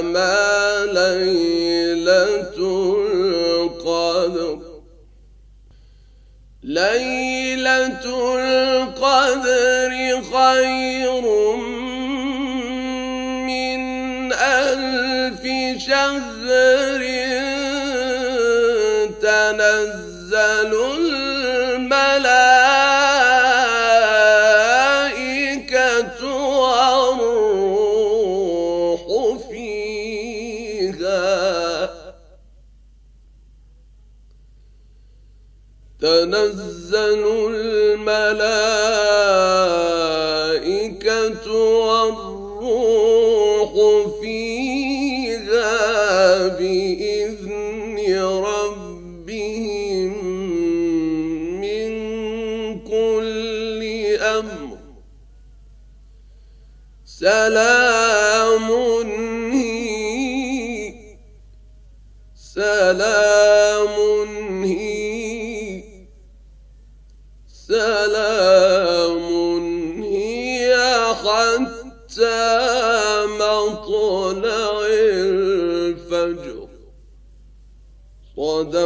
وما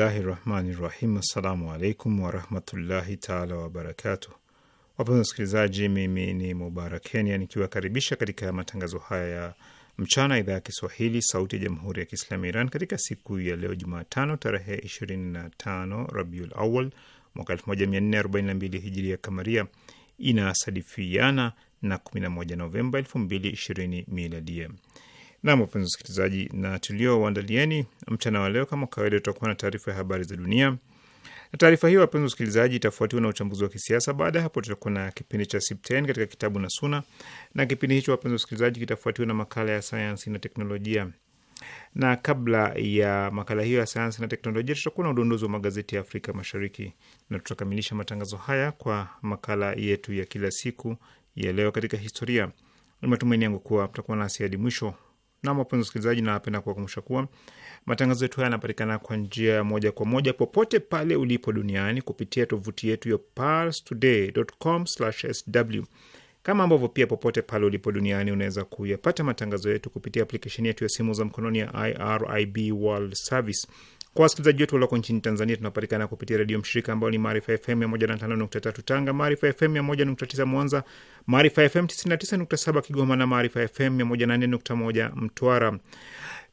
Bismillahi rahmani rahim. Assalamu alaikum warahmatullahi taala wabarakatuh. Wapenzi wasikilizaji, mimi ni Mubarak Kenya nikiwakaribisha katika matangazo haya ya mchana, idhaa ya Kiswahili sauti ya jamhuri ya Kiislamu ya Iran katika siku ya leo Jumatano tarehe 25 Rabiul Awal mwaka 1442 hijiria kamaria, inasadifiana na 11 Novemba 2020 miladia. Na wapenzi wasikilizaji, na tuliowaandalieni mchana wa leo, kama kawaida, tutakuwa na taarifa ya habari za dunia, na taarifa hiyo, wapenzi wasikilizaji, itafuatiwa na uchambuzi wa kisiasa. Baada ya hapo, tutakuwa na kipindi cha Sipten katika kitabu na Suna, na kipindi hicho, wapenzi wasikilizaji, kitafuatiwa na makala ya sayansi na teknolojia, na kabla ya makala hiyo ya sayansi na teknolojia, tutakuwa na udondozi wa magazeti ya Afrika Mashariki, na tutakamilisha matangazo haya kwa makala yetu ya kila siku ya leo katika historia. Ni matumaini yangu kuwa mtakuwa nasi hadi mwisho na wapenzi wasikilizaji, napenda kuwakumbusha kuwa matangazo yetu haya yanapatikana kwa njia ya moja kwa moja popote pale ulipo duniani kupitia tovuti yetu ya parstoday.com/sw, kama ambavyo pia popote pale ulipo duniani unaweza kuyapata matangazo yetu kupitia aplikesheni yetu ya simu za mkononi ya IRIB World Service. Kwa wasikilizaji wetu walioko nchini Tanzania, tunapatikana kupitia redio mshirika ambayo ni Maarifa FM 105.3 Tanga, Maarifa FM 101.9 Mwanza, Maarifa FM 99.7 Kigoma na Maarifa FM 104.1 Mtwara.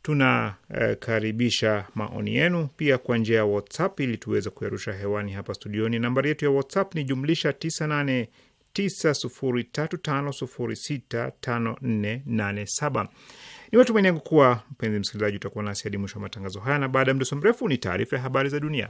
Tunakaribisha uh, maoni yenu pia kwa njia ya WhatsApp ili tuweze kuyarusha hewani hapa studioni. Nambari yetu ya WhatsApp ni jumlisha 989035065487. Ni matumaini yangu kuwa mpenzi msikilizaji utakuwa nasi hadi mwisho wa matangazo haya, na baada ya mdoso mrefu ni taarifa ya habari za dunia.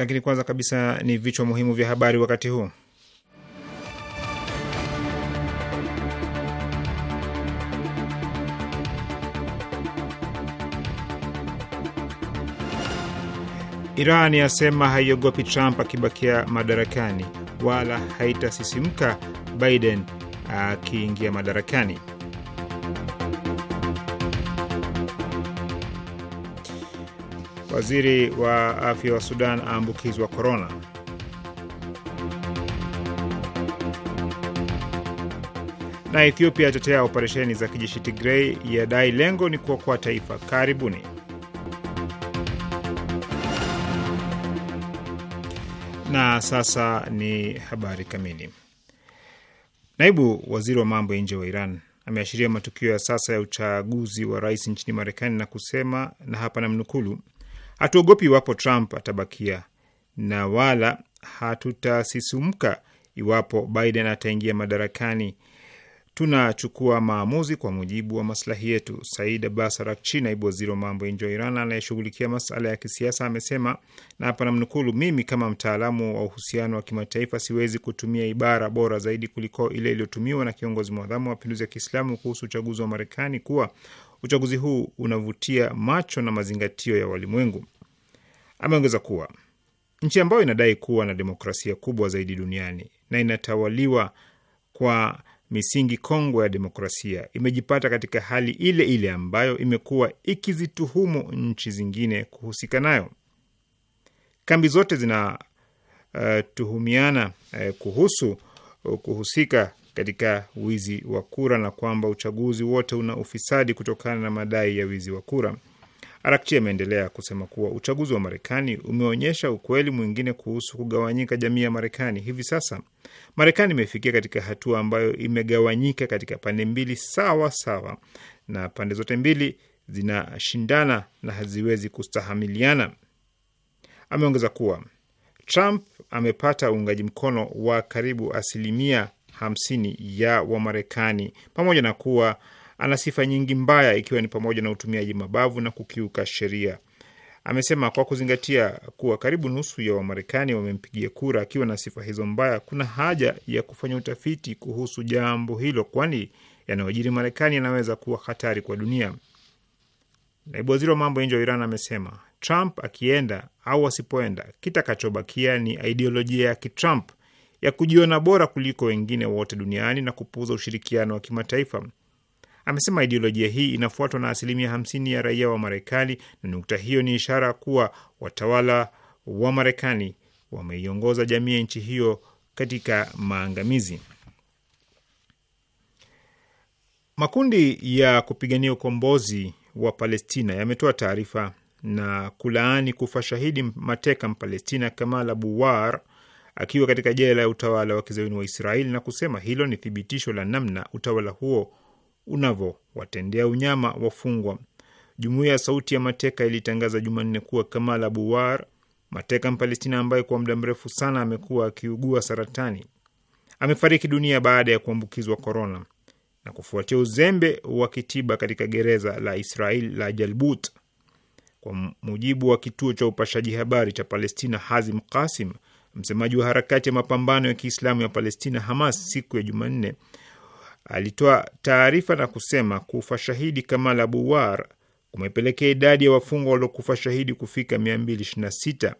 lakini kwanza kabisa ni vichwa muhimu vya habari wakati huu. Iran yasema haiogopi Trump akibakia madarakani, wala haitasisimka Biden akiingia madarakani. Waziri wa afya wa Sudan aambukizwa korona. Na Ethiopia yatetea operesheni za kijeshi Tigrei, yadai lengo ni kuokoa taifa. Karibuni. Na sasa ni habari kamili. Naibu waziri wa mambo ya nje wa Iran ameashiria matukio ya sasa ya uchaguzi wa rais nchini Marekani na kusema, na hapa namnukulu Hatuogopi iwapo Trump atabakia na wala hatutasisumka iwapo Biden ataingia madarakani. Tunachukua maamuzi kwa mujibu wa maslahi yetu. Said Abbas Arakchi, naibu waziri wa mambo ya nje wa Iran anayeshughulikia masala ya kisiasa, amesema na hapa namnukulu: mimi kama mtaalamu wa uhusiano wa kimataifa siwezi kutumia ibara bora zaidi kuliko ile iliyotumiwa na kiongozi mwadhamu wa mapinduzi ya Kiislamu kuhusu uchaguzi wa Marekani kuwa uchaguzi huu unavutia macho na mazingatio ya walimwengu. Ameongeza kuwa nchi ambayo inadai kuwa na demokrasia kubwa zaidi duniani na inatawaliwa kwa misingi kongwe ya demokrasia imejipata katika hali ile ile ambayo imekuwa ikizituhumu nchi zingine kuhusika nayo. Kambi zote zinatuhumiana eh, uh, eh, uh, kuhusu uh, kuhusika katika wizi wa kura na kwamba uchaguzi wote una ufisadi kutokana na madai ya wizi wa kura. Arakchi ameendelea kusema kuwa uchaguzi wa Marekani umeonyesha ukweli mwingine kuhusu kugawanyika jamii ya Marekani. Hivi sasa Marekani imefikia katika hatua ambayo imegawanyika katika pande mbili sawa sawa, na pande zote mbili zinashindana na haziwezi kustahamiliana. Ameongeza kuwa Trump amepata uungaji mkono wa karibu asilimia hamsini ya Wamarekani, pamoja na kuwa ana sifa nyingi mbaya, ikiwa ni pamoja na utumiaji mabavu na kukiuka sheria. Amesema kwa kuzingatia kuwa karibu nusu ya Wamarekani wamempigia kura akiwa na sifa hizo mbaya, kuna haja ya kufanya utafiti kuhusu jambo hilo, kwani yanayojiri Marekani yanaweza kuwa hatari kwa dunia. Naibu waziri wa mambo ya nje wa Iran amesema Trump akienda au asipoenda, kitakachobakia ni ideolojia ya Kitrump ya kujiona bora kuliko wengine wote duniani na kupuuza ushirikiano wa kimataifa. Amesema ideolojia hii inafuatwa na asilimia hamsini ya raia wa Marekani, na nukta hiyo ni ishara kuwa watawala wa Marekani wameiongoza jamii ya nchi hiyo katika maangamizi. Makundi ya kupigania ukombozi wa Palestina yametoa taarifa na kulaani kufa shahidi mateka Mpalestina Kamal Abuwar akiwa katika jela ya utawala wa kizayuni wa Israeli na kusema hilo ni thibitisho la namna utawala huo unavyowatendea unyama wafungwa. Jumuiya ya Sauti ya Mateka ilitangaza Jumanne kuwa Kamal Abuwar, mateka Mpalestina ambaye kwa muda mrefu sana amekuwa akiugua saratani, amefariki dunia baada ya kuambukizwa korona na kufuatia uzembe wa kitiba katika gereza la Israel la Jalbut. Kwa mujibu wa kituo cha upashaji habari cha Palestina Hazim Kasim, Msemaji wa harakati ya mapambano ya Kiislamu ya Palestina Hamas siku ya Jumanne alitoa taarifa na kusema kufa shahidi Kamal abuwar kumepelekea idadi ya wafungwa waliokufa shahidi kufika 226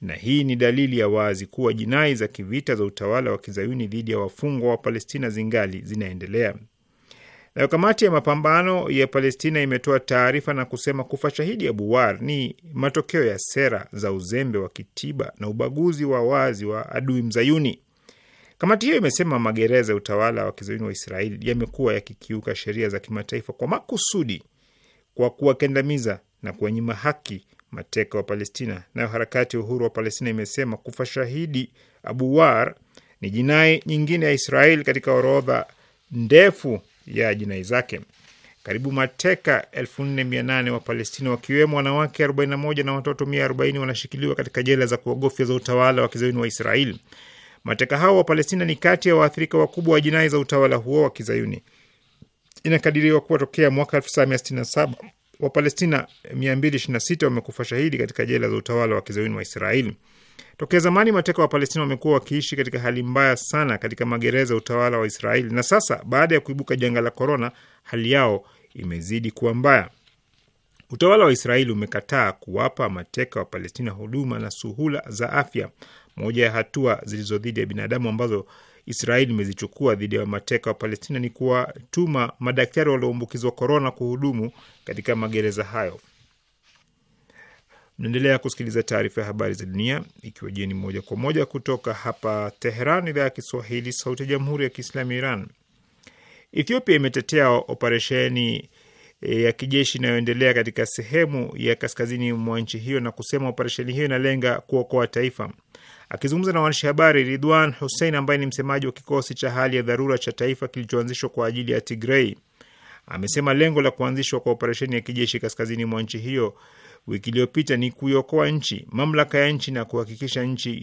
na hii ni dalili ya wazi kuwa jinai za kivita za utawala wa kizayuni dhidi ya wafungwa wa Palestina zingali zinaendelea. Nayo kamati ya mapambano ya Palestina imetoa taarifa na kusema kufa shahidi Buwar ni matokeo ya sera za uzembe wa kitiba na ubaguzi wa wazi wa adui mzayuni. Kamati hiyo imesema magereza ya utawala wa kizayuni wa Israeli yamekuwa yakikiuka sheria za kimataifa kwa makusudi kwa kuwakandamiza na kuwanyima haki mateka wa Palestina. Nayo harakati ya uhuru wa Palestina imesema kufa shahidi Abuwar ni jinai nyingine ya Israeli katika orodha ndefu ya jinai zake. Karibu mateka 4800 wa Palestina wakiwemo wanawake 41 na watoto 140 wanashikiliwa katika jela za kuogofya za utawala wa kizayuni wa Israeli. Mateka hao wa Palestina ni kati ya waathirika wakubwa wa jinai za utawala huo wa kizayuni. Inakadiriwa kuwa tokea mwaka 1967 Wapalestina 226 wamekufa shahidi katika jela za utawala wa kizayuni wa Israeli. Tokea zamani mateka wa Palestina wamekuwa wakiishi katika hali mbaya sana katika magereza ya utawala wa Israeli, na sasa baada ya kuibuka janga la korona, hali yao imezidi kuwa mbaya. Utawala wa Israeli umekataa kuwapa mateka wa Palestina huduma na suhula za afya, moja ya hatua zilizo dhidi ya binadamu ambazo Israeli imezichukua dhidi ya mateka wa Palestina ni kuwatuma madaktari walioambukizwa korona kuhudumu katika magereza hayo. Mnaendelea kusikiliza taarifa ya habari za dunia ikiwa jeni moja kwa moja kutoka hapa Teheran, idhaa ya Kiswahili, sauti ya jamhuri ya kiislamu ya Iran. Ethiopia imetetea operesheni e, ya kijeshi inayoendelea katika sehemu ya kaskazini mwa nchi hiyo na kusema operesheni hiyo inalenga kuokoa taifa. Akizungumza na waandishi habari, Ridwan Hussein ambaye ni msemaji wa kikosi cha hali ya dharura cha taifa kilichoanzishwa kwa ajili ya Tigrei amesema lengo la kuanzishwa kwa operesheni ya kijeshi kaskazini mwa nchi hiyo wiki iliyopita ni kuiokoa nchi, mamlaka ya nchi na kuhakikisha nchi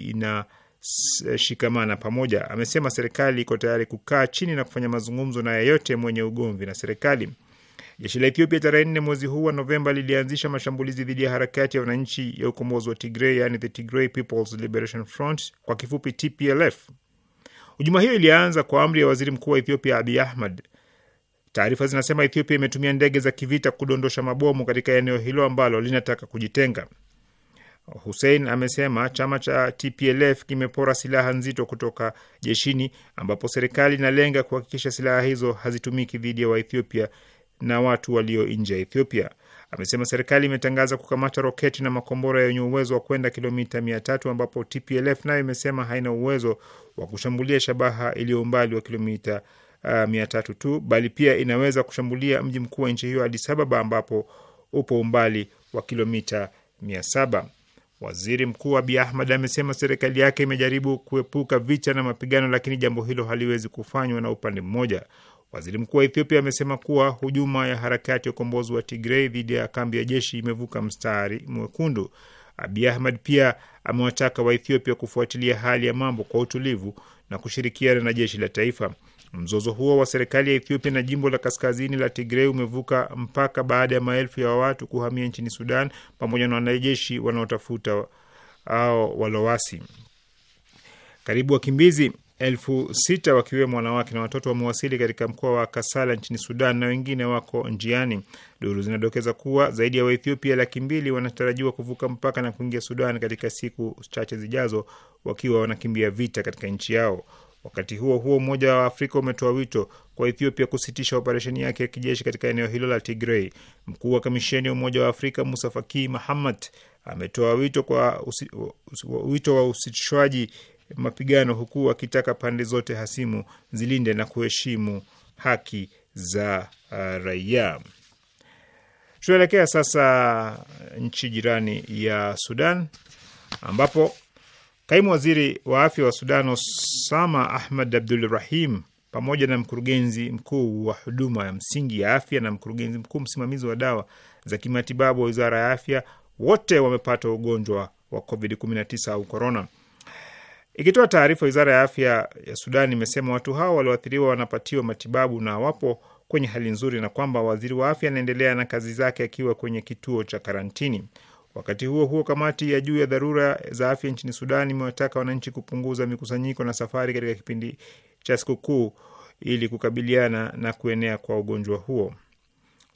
inashikamana pamoja. Amesema serikali iko tayari kukaa chini na kufanya mazungumzo na yeyote mwenye ugomvi na serikali. Jeshi la Ethiopia tarehe nne mwezi huu wa Novemba lilianzisha mashambulizi dhidi ya harakati ya wananchi ya ukombozi wa Tigray, yani the Tigray People's Liberation Front, kwa kifupi TPLF. Hujuma hiyo ilianza kwa amri ya waziri mkuu wa Ethiopia Abiy Ahmed Taarifa zinasema Ethiopia imetumia ndege za kivita kudondosha mabomu katika eneo hilo ambalo linataka kujitenga. Hussein amesema chama cha TPLF kimepora silaha nzito kutoka jeshini, ambapo serikali inalenga kuhakikisha silaha hizo hazitumiki dhidi ya Waethiopia na watu walio nje ya Ethiopia. Amesema serikali imetangaza kukamata roketi na makombora yenye uwezo wa kwenda kilomita mia tatu ambapo TPLF nayo imesema haina uwezo wa kushambulia shabaha iliyo umbali wa kilomita uh, mia tatu tu, bali pia inaweza kushambulia mji mkuu wa nchi hiyo Addis Ababa ambapo upo umbali wa kilomita mia saba. Waziri Mkuu Abiy Ahmed amesema serikali yake imejaribu kuepuka vita na mapigano, lakini jambo hilo haliwezi kufanywa na upande mmoja. Waziri Mkuu wa Ethiopia amesema kuwa hujuma ya harakati ya ukombozi wa Tigrei dhidi ya kambi ya jeshi imevuka mstari mwekundu. Abiy Ahmed pia amewataka Waethiopia kufuatilia hali ya mambo kwa utulivu na kushirikiana na jeshi la taifa. Mzozo huo wa serikali ya Ethiopia na jimbo la kaskazini la Tigrei umevuka mpaka baada ya maelfu ya watu kuhamia nchini Sudan pamoja na wanajeshi wanaotafuta au walowasi. Karibu wakimbizi elfu sita wakiwemo wanawake na watoto wamewasili katika mkoa wa Kasala nchini Sudan na wengine wako njiani. Duru zinadokeza kuwa zaidi ya Waethiopia laki mbili wanatarajiwa kuvuka mpaka na kuingia Sudan katika siku chache zijazo, wakiwa wanakimbia vita katika nchi yao. Wakati huo huo, Umoja wa Afrika umetoa wito kwa Ethiopia kusitisha operesheni yake ya kijeshi katika eneo hilo la Tigrei. Mkuu wa kamisheni ya Umoja wa Afrika Musa Faki Mahamad ametoa wito kwa usi, wito wa usitishwaji mapigano huku akitaka pande zote hasimu zilinde na kuheshimu haki za uh, raia. Tunaelekea sasa nchi jirani ya Sudan ambapo Kaimu waziri wa afya wa Sudan Osama Ahmad Abdul Rahim pamoja na mkurugenzi mkuu wa huduma ya msingi ya afya na mkurugenzi mkuu msimamizi wa dawa za kimatibabu wa wizara ya afya wote wamepata ugonjwa wa COVID-19 au korona. Ikitoa taarifa, wizara ya afya ya Sudan imesema watu hao walioathiriwa wanapatiwa matibabu na wapo kwenye hali nzuri, na kwamba waziri wa afya anaendelea na kazi zake akiwa kwenye kituo cha karantini. Wakati huo huo, kamati ya juu ya dharura za afya nchini Sudan imewataka wananchi kupunguza mikusanyiko na safari katika kipindi cha sikukuu ili kukabiliana na kuenea kwa ugonjwa huo.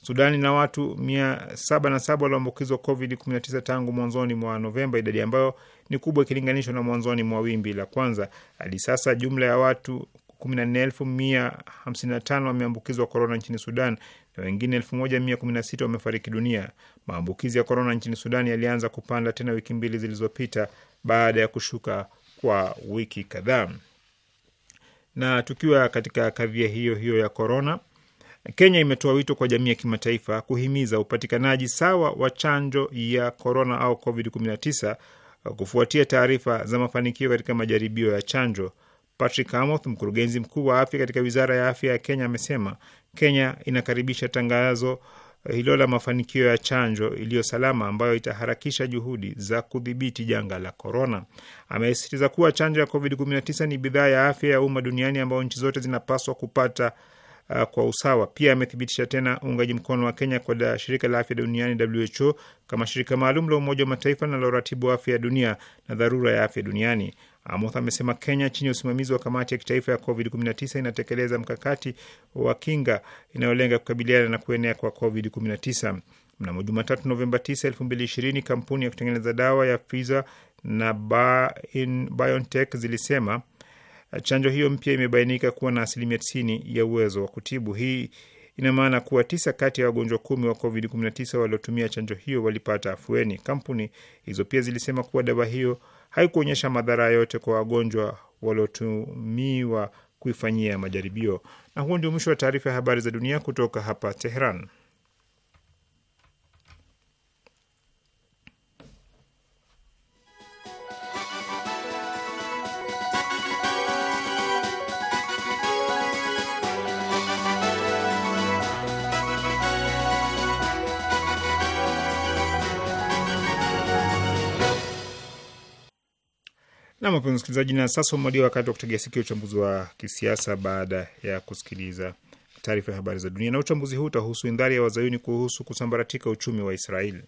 Sudan ina watu 77 walioambukizwa COVID-19 tangu mwanzoni mwa Novemba, idadi ambayo ni kubwa ikilinganishwa na mwanzoni mwa wimbi la kwanza. Hadi sasa jumla ya watu 14155 wameambukizwa korona nchini Sudan na wengine 1116 wamefariki dunia. Maambukizi ya korona nchini sudani yalianza kupanda tena wiki mbili zilizopita baada ya kushuka kwa wiki kadhaa. Na tukiwa katika kavia hiyo hiyo ya korona, Kenya imetoa wito kwa jamii ya kimataifa kuhimiza upatikanaji sawa wa chanjo ya korona au COVID-19 kufuatia taarifa za mafanikio katika majaribio ya chanjo Patrick Amoth, mkurugenzi mkuu wa afya katika wizara ya afya ya Kenya, amesema Kenya inakaribisha tangazo hilo la mafanikio ya chanjo iliyo salama ambayo itaharakisha juhudi za kudhibiti janga la korona. Amesisitiza kuwa chanjo ya COVID-19 ni bidhaa ya afya ya umma duniani ambayo nchi zote zinapaswa kupata uh, kwa usawa. Pia amethibitisha tena uungaji mkono wa Kenya kwa shirika la afya duniani WHO kama shirika maalum la Umoja wa Mataifa linaloratibu afya ya dunia na dharura ya afya duniani. Amoth amesema Kenya chini ya usimamizi wa kamati ya kitaifa ya COVID-19 inatekeleza mkakati wa kinga inayolenga kukabiliana na kuenea kwa COVID-19. Mnamo Jumatatu Novemba 9, 2020 kampuni ya kutengeneza dawa ya Pfizer na BioNTech zilisema chanjo hiyo mpya imebainika kuwa na asilimia 90 ya uwezo wa kutibu. Hii ina maana kuwa tisa kati ya wagonjwa kumi wa COVID-19 waliotumia chanjo hiyo walipata afueni. Kampuni hizo pia zilisema kuwa dawa hiyo haikuonyesha madhara yote kwa wagonjwa waliotumiwa kuifanyia majaribio. Na huo ndio mwisho wa taarifa ya habari za dunia kutoka hapa Tehran. Nam wapenzi msikilizaji, na sasa umewadia wakati wa kutegea sikio uchambuzi wa kisiasa baada ya kusikiliza taarifa ya habari za dunia, na uchambuzi huu utahusu indhari ya wazayuni kuhusu kusambaratika uchumi wa Israeli.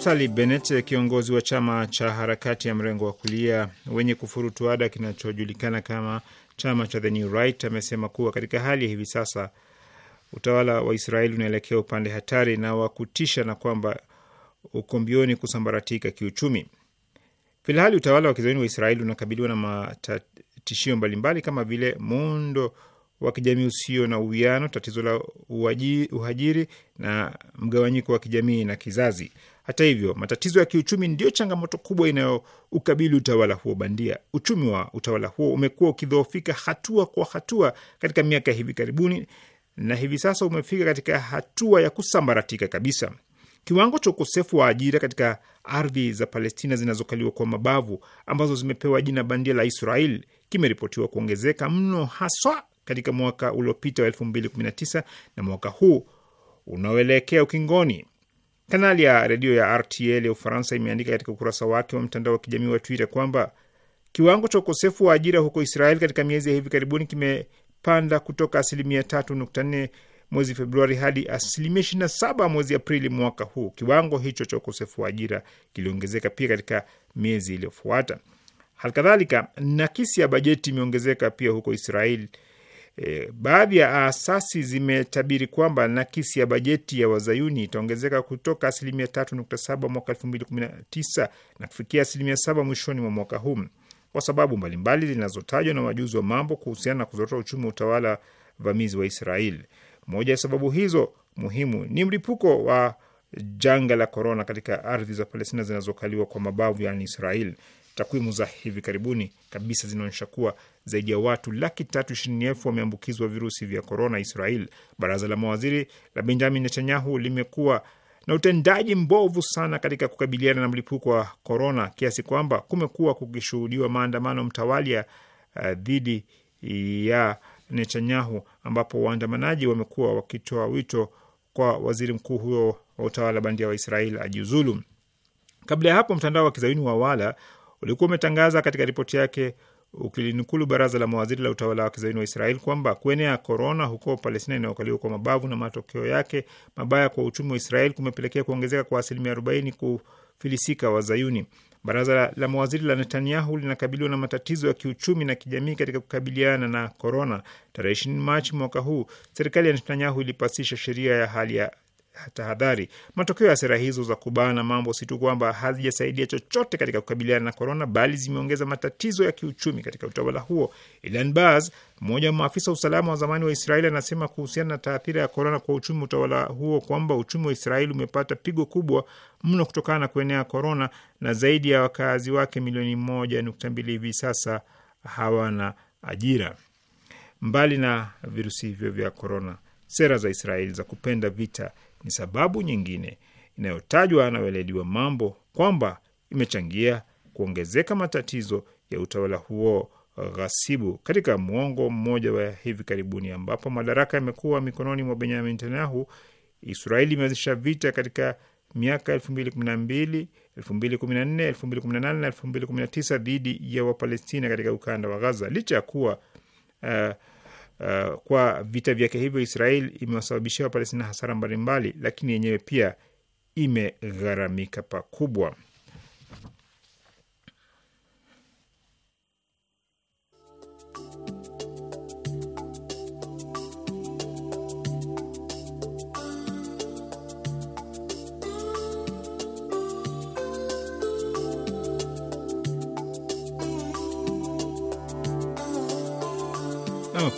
Naftali Bennett, kiongozi wa chama cha harakati ya mrengo wa kulia wenye ada kinachojulikana kama chama cha The New Right, amesema kuwa katika hali ya hivi sasa utawala wa Israeli unaelekea upande hatari na wa kutisha na kwamba uko mbioni kusambaratika kiuchumi. Filhali utawala wa kizayuni wa Israeli unakabiliwa na matishio mbalimbali kama vile muundo wa kijamii usio na uwiano, tatizo la uhajiri na mgawanyiko wa kijamii na kizazi. Hata hivyo, matatizo ya kiuchumi ndiyo changamoto kubwa inayoukabili utawala huo bandia. Uchumi wa utawala huo umekuwa ukidhoofika hatua kwa hatua katika miaka ya hivi karibuni na hivi sasa umefika katika hatua ya kusambaratika kabisa. Kiwango cha ukosefu wa ajira katika ardhi za Palestina zinazokaliwa kwa mabavu ambazo zimepewa jina bandia la Israel kimeripotiwa kuongezeka mno, haswa katika mwaka uliopita wa 2019 na mwaka huu unaoelekea ukingoni. Kanali ya redio ya RTL ya Ufaransa imeandika katika ukurasa wake wa mtandao wa kijamii wa Twitter kwamba kiwango cha ukosefu wa ajira huko Israel katika miezi ya hivi karibuni kimepanda kutoka asilimia 3.4 mwezi Februari hadi asilimia 27 mwezi Aprili mwaka huu. Kiwango hicho cha ukosefu wa ajira kiliongezeka pia katika miezi iliyofuata. Halikadhalika, nakisi ya bajeti imeongezeka pia huko Israel E, baadhi ya asasi zimetabiri kwamba nakisi ya bajeti ya wazayuni itaongezeka kutoka asilimia 3.7 mwaka 2019 na kufikia asilimia 7 mwishoni mwa mwaka huu kwa sababu mbalimbali zinazotajwa na wajuzi wa mambo kuhusiana na kuzorota uchumi wa utawala vamizi wa israel Moja ya sababu hizo muhimu ni mlipuko wa janga la korona katika ardhi za Palestina zinazokaliwa kwa mabavu, yani israel Takwimu za hivi karibuni kabisa zinaonyesha kuwa zaidi ya watu laki tatu ishirini elfu wameambukizwa virusi vya korona Israel. Baraza la mawaziri la Benjamin Netanyahu limekuwa na utendaji mbovu sana katika kukabiliana na mlipuko wa korona kiasi kwamba kumekuwa kukishuhudiwa maandamano mtawalia uh, dhidi ya Netanyahu, ambapo waandamanaji wamekuwa wakitoa wito kwa waziri mkuu huyo wa utawala bandia wa Israel ajiuzulu. Kabla ya hapo, mtandao wa kizayuni wa Wala ulikuwa umetangaza katika ripoti yake ukilinukulu baraza la mawaziri la utawala wa kizaini wa Israel kwamba kuenea korona huko Palestina inayokaliwa kwa mabavu na matokeo yake mabaya kwa uchumi wa Israel kumepelekea kuongezeka kwa asilimia 40 kufilisika Wazayuni. Baraza la mawaziri la Netanyahu linakabiliwa na matatizo ya kiuchumi na kijamii katika kukabiliana na korona. Tarehe 20 Machi mwaka huu serikali ya Netanyahu ilipasisha sheria ya hali ya tahadhari. Matokeo ya sera hizo za kubana mambo si tu kwamba hazijasaidia chochote katika kukabiliana na korona, bali zimeongeza matatizo ya kiuchumi katika utawala huo. Ilan Bas, mmoja wa maafisa wa usalama wa zamani wa Israeli, anasema kuhusiana na taathira ya korona kwa uchumi utawala huo kwamba uchumi wa Israeli umepata pigo kubwa mno kutokana na kuenea korona, na zaidi ya wakazi wake milioni moja nukta mbili hivi sasa hawana ajira. Mbali na virusi hivyo vya korona, sera za Israeli za kupenda vita ni sababu nyingine inayotajwa na weledi wa mambo kwamba imechangia kuongezeka matatizo ya utawala huo ghasibu katika mwongo mmoja wa hivi karibuni, ambapo madaraka yamekuwa mikononi mwa Benyamin Netanyahu. Israeli imeanzisha vita katika miaka 2012, 2014, 2018 na 2019 dhidi ya Wapalestina katika ukanda wa Gaza licha ya kuwa uh, uh, kwa vita vyake hivyo Israel imewasababishia Wapalestina hasara mbalimbali, lakini yenyewe pia imegharamika pakubwa.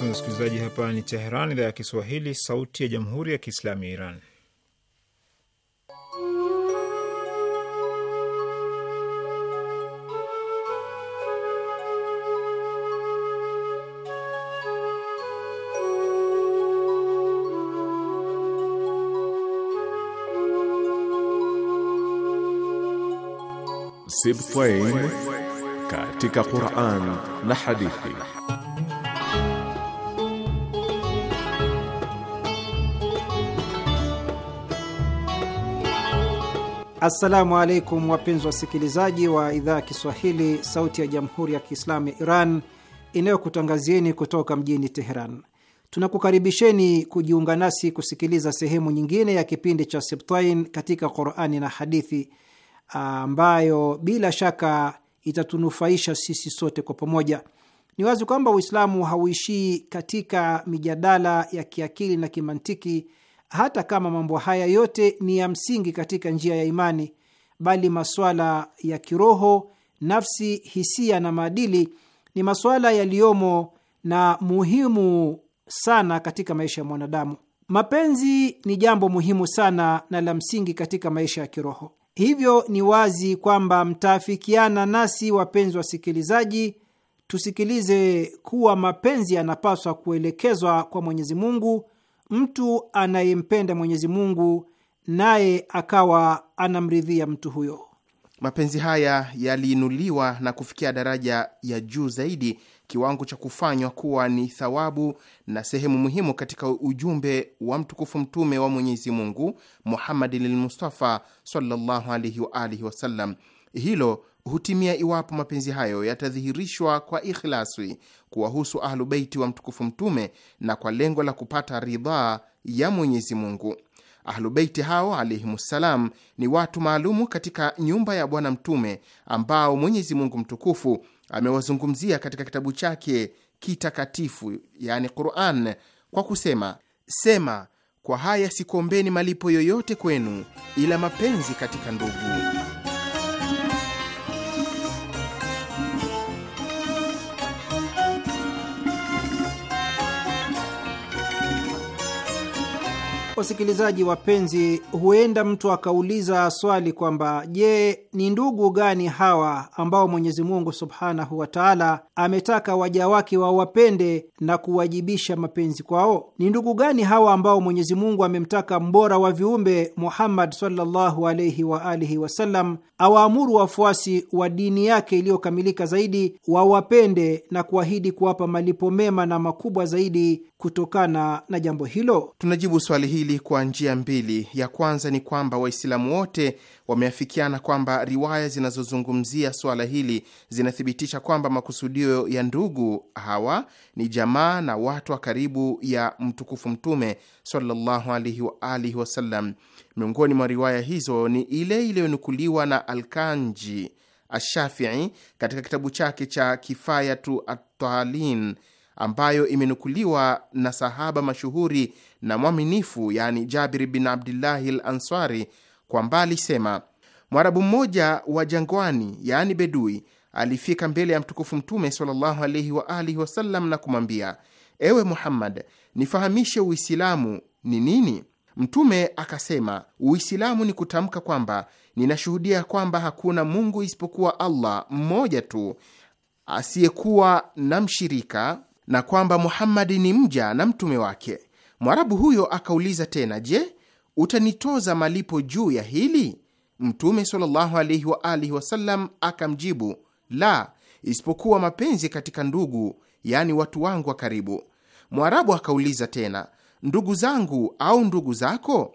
wapenzi wasikilizaji, hapa ni Teheran, idhaa ya Kiswahili, sauti ya jamhuri ya kiislamu ya Iran. Sibtain katika Quran na hadithi. Assalamu alaikum wapenzi wasikilizaji wa idhaa ya Kiswahili, sauti ya jamhuri ya kiislamu ya Iran inayokutangazieni kutoka mjini Teheran. Tunakukaribisheni kujiunga nasi kusikiliza sehemu nyingine ya kipindi cha Sibtain katika Qurani na hadithi ambayo bila shaka itatunufaisha sisi sote kwa pamoja. Ni wazi kwamba Uislamu hauishii katika mijadala ya kiakili na kimantiki hata kama mambo haya yote ni ya msingi katika njia ya imani, bali masuala ya kiroho, nafsi, hisia na maadili ni masuala yaliyomo na muhimu sana katika maisha ya mwanadamu. Mapenzi ni jambo muhimu sana na la msingi katika maisha ya kiroho. Hivyo ni wazi kwamba mtaafikiana nasi, wapenzi wasikilizaji, tusikilize kuwa mapenzi yanapaswa kuelekezwa kwa Mwenyezi Mungu mtu anayempenda Mwenyezi Mungu naye akawa anamridhia mtu huyo. Mapenzi haya yaliinuliwa na kufikia daraja ya juu zaidi, kiwango cha kufanywa kuwa ni thawabu na sehemu muhimu katika ujumbe wa mtukufu Mtume wa Mwenyezi Mungu Muhammadi lil sallallahu alaihi wa alihi wasallam. Hilo hutimia iwapo mapenzi hayo yatadhihirishwa kwa ikhlasi kuwahusu Ahlubeiti wa mtukufu Mtume na kwa lengo la kupata ridhaa ya Mwenyezi Mungu. Ahlubeiti hao alaihimussalam ni watu maalumu katika nyumba ya Bwana Mtume ambao Mwenyezi Mungu mtukufu amewazungumzia katika kitabu chake kitakatifu, yani Quran, kwa kusema: Sema, kwa haya sikuombeni malipo yoyote kwenu ila mapenzi katika ndugu. Wasikilizaji wapenzi, huenda mtu akauliza swali kwamba je, ni ndugu gani hawa ambao Mwenyezi Mungu subhanahu wa taala ametaka waja wake wawapende na kuwajibisha mapenzi kwao? Ni ndugu gani hawa ambao Mwenyezi Mungu amemtaka mbora wa viumbe Muhammad sallallahu alaihi wa alihi wasallam awaamuru wafuasi wa dini yake iliyokamilika zaidi wawapende na kuahidi kuwapa malipo mema na makubwa zaidi kutokana na jambo hilo? Tunajibu swali hili kwa njia mbili. Ya kwanza ni kwamba Waislamu wote wameafikiana kwamba riwaya zinazozungumzia swala hili zinathibitisha kwamba makusudio ya ndugu hawa ni jamaa na watu wa karibu ya mtukufu Mtume sallallahu alaihi wa alihi wasallam. Miongoni mwa riwaya hizo ni ile iliyonukuliwa na Alkanji Ashafii katika kitabu chake cha Kifayatu Atalin ambayo imenukuliwa na sahaba mashuhuri na mwaminifu yani Jabiri bin Abdillahi l Answari kwamba alisema Mwarabu mmoja wa jangwani yani bedui alifika mbele ya mtukufu Mtume sallallahu alaihi wa alihi wasallam na kumwambia, ewe Muhammad, nifahamishe Uislamu ni nini? Mtume akasema, Uislamu ni kutamka kwamba ninashuhudia kwamba hakuna Mungu isipokuwa Allah mmoja tu asiyekuwa na mshirika na kwamba Muhammadi ni mja na mtume wake. Mwarabu huyo akauliza tena, je, utanitoza malipo juu ya hili? Mtume sallallahu alaihi wa alihi wasallam akamjibu, la, isipokuwa mapenzi katika ndugu, yaani watu wangu wa karibu. Mwarabu akauliza tena, ndugu zangu au ndugu zako?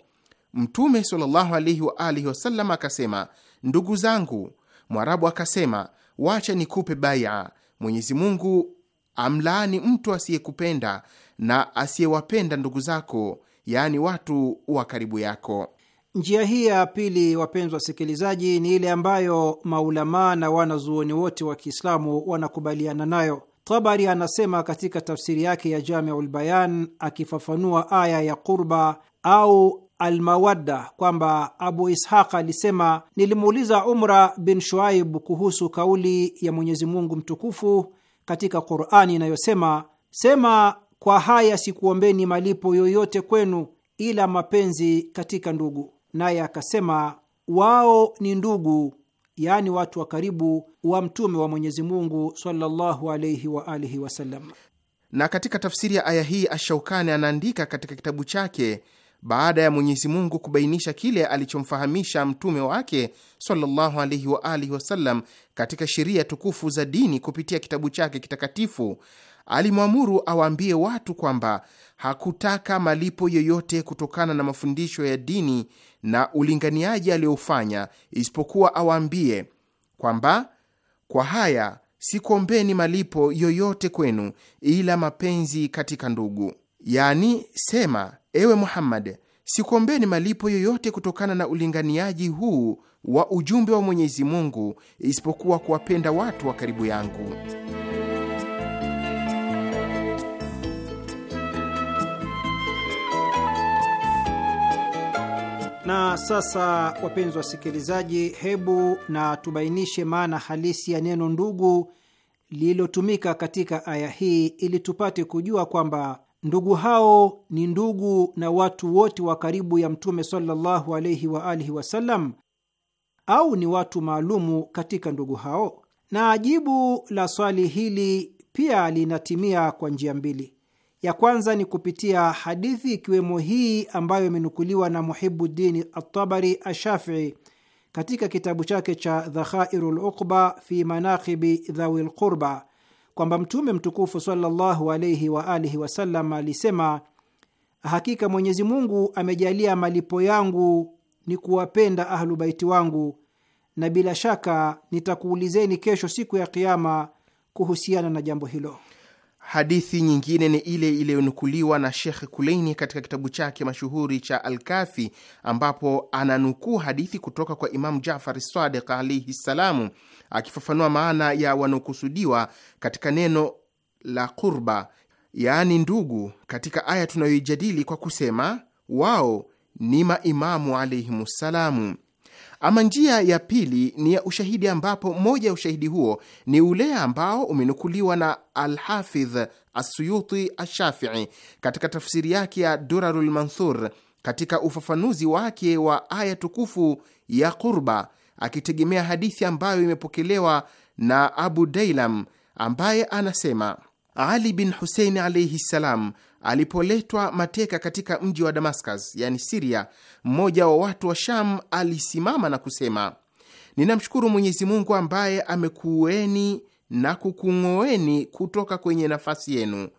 Mtume sallallahu alaihi wa alihi wasallam akasema, ndugu zangu. Mwarabu akasema, wacha nikupe baia, Mwenyezi Mungu amlaani mtu asiyekupenda na asiyewapenda ndugu zako, yaani watu wa karibu yako. Njia hii ya pili, wapenzi wasikilizaji, ni ile ambayo maulamaa na wanazuoni wote wa Kiislamu wanakubaliana nayo. Tabari anasema katika tafsiri yake ya Jamiul Bayan akifafanua aya ya qurba au almawadda kwamba Abu Ishaq alisema, nilimuuliza Umra bin Shuaib kuhusu kauli ya Mwenyezi Mungu mtukufu katika Qurani inayosema, sema kwa haya sikuombeni malipo yoyote kwenu ila mapenzi katika ndugu. Naye akasema wao ni ndugu, yaani watu wa karibu wa mtume wa Mwenyezi Mungu sallallahu alayhi wa alihi wasallam. Na katika tafsiri ya aya hii Ashaukani anaandika katika kitabu chake baada ya Mwenyezi Mungu kubainisha kile alichomfahamisha mtume wake sallallahu alaihi wa alihi wasallam katika sheria tukufu za dini kupitia kitabu chake kitakatifu, alimwamuru awaambie watu kwamba hakutaka malipo yoyote kutokana na mafundisho ya dini na ulinganiaji aliyoufanya, isipokuwa awaambie kwamba kwa haya sikuombeni malipo yoyote kwenu ila mapenzi katika ndugu. Yaani, sema Ewe Muhammad, sikuombeni malipo yoyote kutokana na ulinganiaji huu wa ujumbe wa Mwenyezi Mungu isipokuwa kuwapenda watu wa karibu yangu. Na sasa, wapenzi wasikilizaji, hebu na tubainishe maana halisi ya neno ndugu lililotumika katika aya hii ili tupate kujua kwamba Ndugu hao ni ndugu na watu wote wa karibu ya Mtume sallallahu alaihi wa alihi wasallam, au ni watu maalumu katika ndugu hao? Na jibu la swali hili pia linatimia kwa njia mbili. Ya kwanza ni kupitia hadithi ikiwemo hii ambayo imenukuliwa na Muhibuddin Atabari Ashafii katika kitabu chake cha Dhakhairu Luqba fi manakibi Dhawi Lqurba kwamba Mtume mtukufu sallallahu alaihi wa alihi wasallam alisema, hakika Mwenyezi Mungu amejalia malipo yangu ni kuwapenda Ahlu Baiti wangu, na bila shaka nitakuulizeni kesho siku ya Kiama kuhusiana na jambo hilo. Hadithi nyingine ni ile iliyonukuliwa na Shekh Kuleini katika kitabu chake mashuhuri cha Alkafi, ambapo ananukuu hadithi kutoka kwa Imamu Jafari Sadiq alaihi ssalamu, akifafanua maana ya wanaokusudiwa katika neno la qurba, yaani ndugu, katika aya tunayoijadili kwa kusema wao ni maimamu alaihimu ssalamu. Ama njia ya pili ni ya ushahidi, ambapo moja ya ushahidi huo ni ule ambao umenukuliwa na Alhafidh Asuyuti Ashafii katika tafsiri yake ya Durarul Manthur katika ufafanuzi wake wa aya tukufu ya Qurba, akitegemea hadithi ambayo imepokelewa na Abu Dailam ambaye anasema Ali bin Husein alaihi ssalam alipoletwa mateka katika mji wa Damascus, yani Siria, mmoja wa watu wa Sham alisimama na kusema, ninamshukuru Mwenyezi Mungu ambaye amekuweni na kukung'oeni kutoka kwenye nafasi yenu.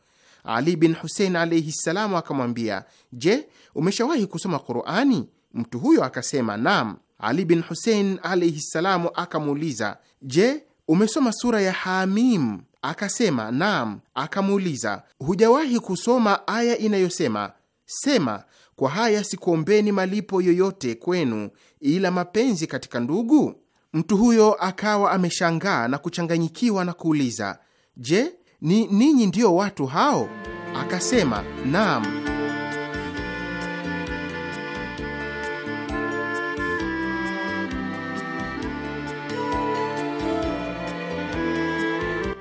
Ali bin Husein alaihi ssalamu akamwambia, je, umeshawahi kusoma Qurani? Mtu huyo akasema nam. Ali bin Husein alaihi ssalamu akamuuliza, je, umesoma sura ya Hamim? Akasema naam. Akamuuliza, hujawahi kusoma aya inayosema, sema kwa haya sikuombeni malipo yoyote kwenu ila mapenzi katika ndugu? Mtu huyo akawa ameshangaa na kuchanganyikiwa na kuuliza, je, ni ninyi ndiyo watu hao? Akasema naam.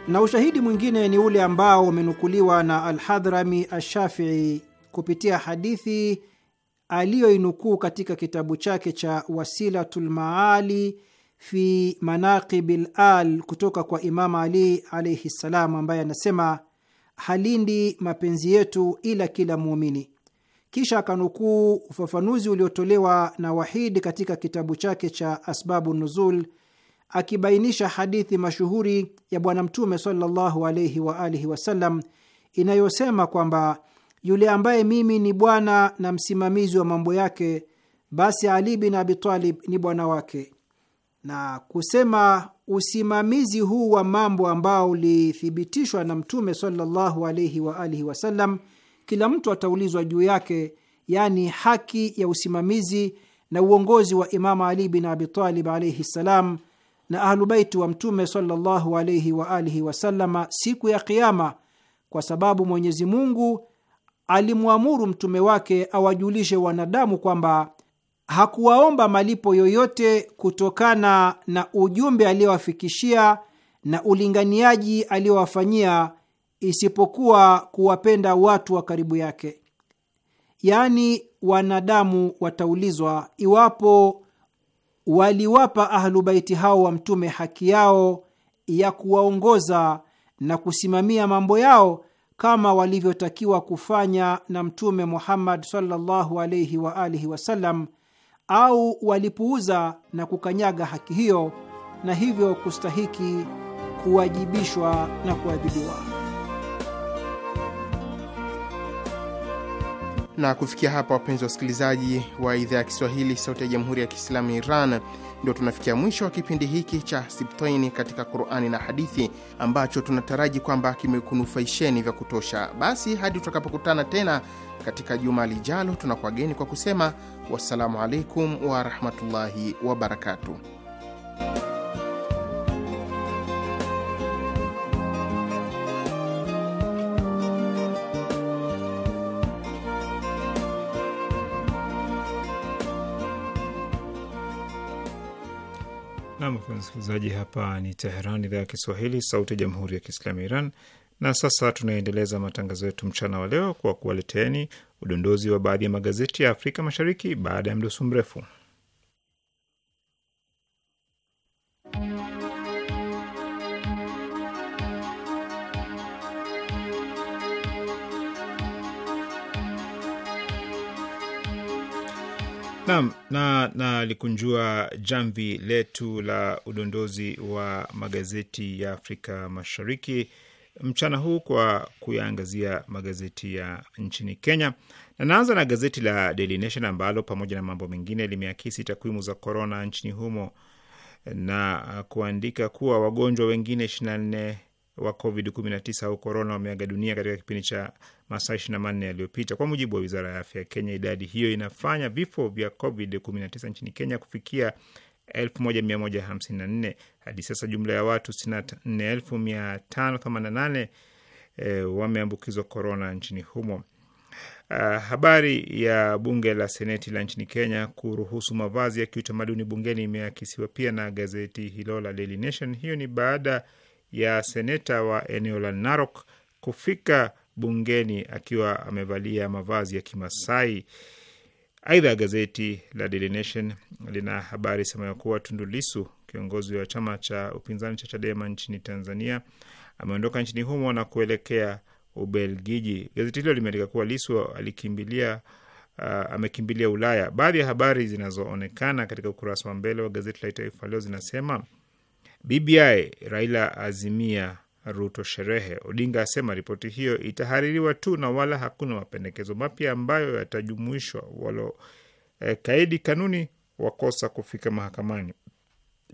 Na ushahidi mwingine ni ule ambao umenukuliwa na Alhadhrami Ashafii kupitia hadithi aliyoinukuu katika kitabu chake cha Wasilatul Maali fi manaqibi Al kutoka kwa imamu Ali alaihi ssalam, ambaye anasema halindi mapenzi yetu ila kila muumini. Kisha akanukuu ufafanuzi uliotolewa na Wahidi katika kitabu chake cha Asbabu Nuzul akibainisha hadithi mashuhuri ya Bwana Mtume sallallahu alaihi wa alihi wasallam inayosema kwamba yule ambaye mimi ni bwana na msimamizi wa mambo yake, basi Ali bin Abi Talib ni bwana wake, na kusema usimamizi huu wa mambo ambao ulithibitishwa na Mtume sallallahu alaihi wa alihi wasallam, kila mtu ataulizwa juu yake, yaani haki ya usimamizi na uongozi wa Imamu Ali bin Abi Talib alaihi ssalam na Ahlubaiti wa Mtume sallallahu alaihi waalihi wasalama siku ya Kiama, kwa sababu Mwenyezi Mungu alimwamuru mtume wake awajulishe wanadamu kwamba hakuwaomba malipo yoyote kutokana na ujumbe aliyowafikishia na ulinganiaji aliyowafanyia isipokuwa kuwapenda watu wa karibu yake, yaani wanadamu wataulizwa iwapo waliwapa ahlubaiti hao wa Mtume haki yao ya kuwaongoza na kusimamia mambo yao kama walivyotakiwa kufanya na Mtume Muhammad sallallahu alaihi wa alihi wasallam, au walipuuza na kukanyaga haki hiyo na hivyo kustahiki kuwajibishwa na kuadhibiwa. Na kufikia hapa, wapenzi wa wasikilizaji wa idhaa ya Kiswahili sauti ya jamhuri ya Kiislamu Iran, ndio tunafikia mwisho wa kipindi hiki cha Sibtoini katika Qurani na Hadithi, ambacho tunataraji kwamba kimekunufaisheni vya kutosha. Basi hadi tutakapokutana tena katika juma lijalo, tunakuwageni kwa kusema wassalamu alaikum warahmatullahi wabarakatuh. wasikilizaji, hapa ni Teheran, idhaa ya Kiswahili, sauti ya jamhuri ya kiislamu ya Iran. Na sasa tunaendeleza matangazo yetu mchana wa leo kwa kuwaleteni udondozi wa baadhi ya magazeti ya Afrika Mashariki baada ya mdoso mrefu. Naam, na nalikunjua jamvi letu la udondozi wa magazeti ya Afrika Mashariki mchana huu kwa kuyaangazia magazeti ya nchini Kenya, na naanza na gazeti la Daily Nation ambalo pamoja na mambo mengine limeakisi takwimu za korona nchini humo na kuandika kuwa wagonjwa wengine 24 wa COVID-19 au korona wameaga dunia katika kipindi cha masaa 24 yaliyopita. Kwa mujibu wa wizara ya afya ya Kenya, idadi hiyo inafanya vifo vya COVID-19 nchini Kenya kufikia 1154 hadi sasa. Jumla ya watu 64588 e, eh, wameambukizwa korona nchini humo. Uh, habari ya bunge la seneti la nchini Kenya kuruhusu mavazi ya kiutamaduni bungeni imeakisiwa pia na gazeti hilo la Daily Nation. Hiyo ni baada ya seneta wa eneo la Narok kufika bungeni akiwa amevalia mavazi ya Kimasai. Aidha, gazeti la Daily Nation lina habari semayo kuwa Tundu lisu kiongozi wa chama cha upinzani cha Chadema nchini Tanzania, ameondoka nchini humo na kuelekea Ubelgiji. Gazeti hilo limeandika kuwa lisu alikimbilia Uh, amekimbilia Ulaya. Baadhi ya habari zinazoonekana katika ukurasa wa mbele wa gazeti la Taifa Leo zinasema BBI Raila azimia Ruto sherehe. Odinga asema ripoti hiyo itahaririwa tu na wala hakuna mapendekezo mapya ambayo yatajumuishwa. eh, kaidi kanuni wakosa kufika mahakamani.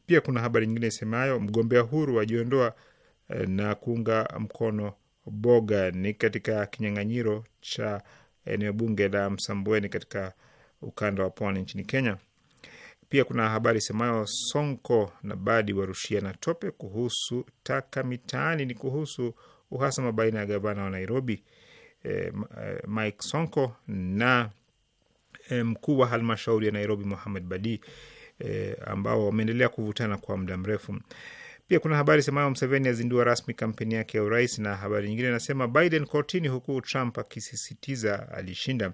Pia kuna habari nyingine isemayo mgombea huru wajiondoa eh, na kuunga mkono Boga ni katika kinyang'anyiro cha eneo bunge la Msambweni katika ukanda wa pwani nchini Kenya. Pia kuna habari semayo Sonko na Badi na tope kuhusu taka mitaani. Ni kuhusu uhasama baina ya gavana wa Nairobi eh, eh Mike Sonko na eh, mkuu wa halmashauri ya Nairobi muhamed Badi eh, ambao wameendelea kuvutana kwa muda mrefu. Pia kuna habari semayo Mseveni azindua rasmi kampeni yake ya urais, na habari nyingine inasema Biden kortini, huku Trump akisisitiza alishinda.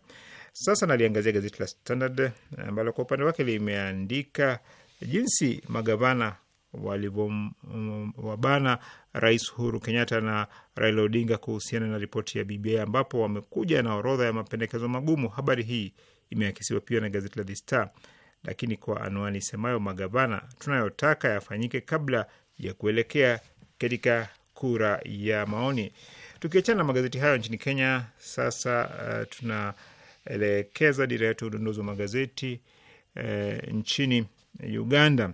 Sasa naliangazia gazeti la Standard ambalo kwa upande wake limeandika jinsi magavana walivyowabana mm, mm, Rais Uhuru Kenyatta na Raila Odinga kuhusiana na ripoti ya BBI ambapo wamekuja na orodha ya mapendekezo magumu. Habari hii imeakisiwa pia na gazeti la The Star, lakini kwa anwani semayo magavana tunayotaka yafanyike kabla ya kuelekea katika kura ya maoni. Tukiachana na magazeti hayo nchini Kenya, sasa uh, tuna tunaelekeza dira yetu udunduzi wa magazeti e, nchini Uganda,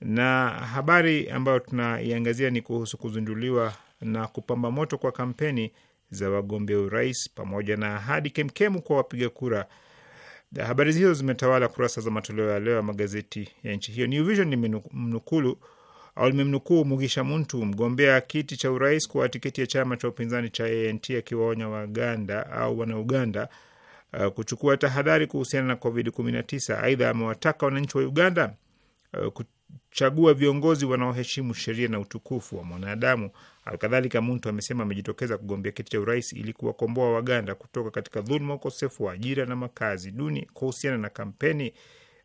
na habari ambayo tunaiangazia ni kuhusu kuzinduliwa na kupamba moto kwa kampeni za wagombea urais pamoja na ahadi kemkemu kwa wapiga kura. Habari hizo zimetawala kurasa za matoleo ya leo ya magazeti ya nchi hiyo. New Vision limemnukulu au limemnukuu Mugisha Muntu, mgombea kiti cha urais kwa tiketi ya chama cha upinzani cha ANT, akiwaonya Waganda au Wanauganda uh, kuchukua tahadhari kuhusiana na COVID-19. Aidha, amewataka wananchi wa Uganda uh, kuchagua viongozi wanaoheshimu sheria na utukufu wa mwanadamu. Alkadhalika, Muntu amesema amejitokeza kugombea kiti cha urais ili kuwakomboa Waganda kutoka katika dhuluma, ukosefu wa ajira na makazi duni. Kuhusiana na kampeni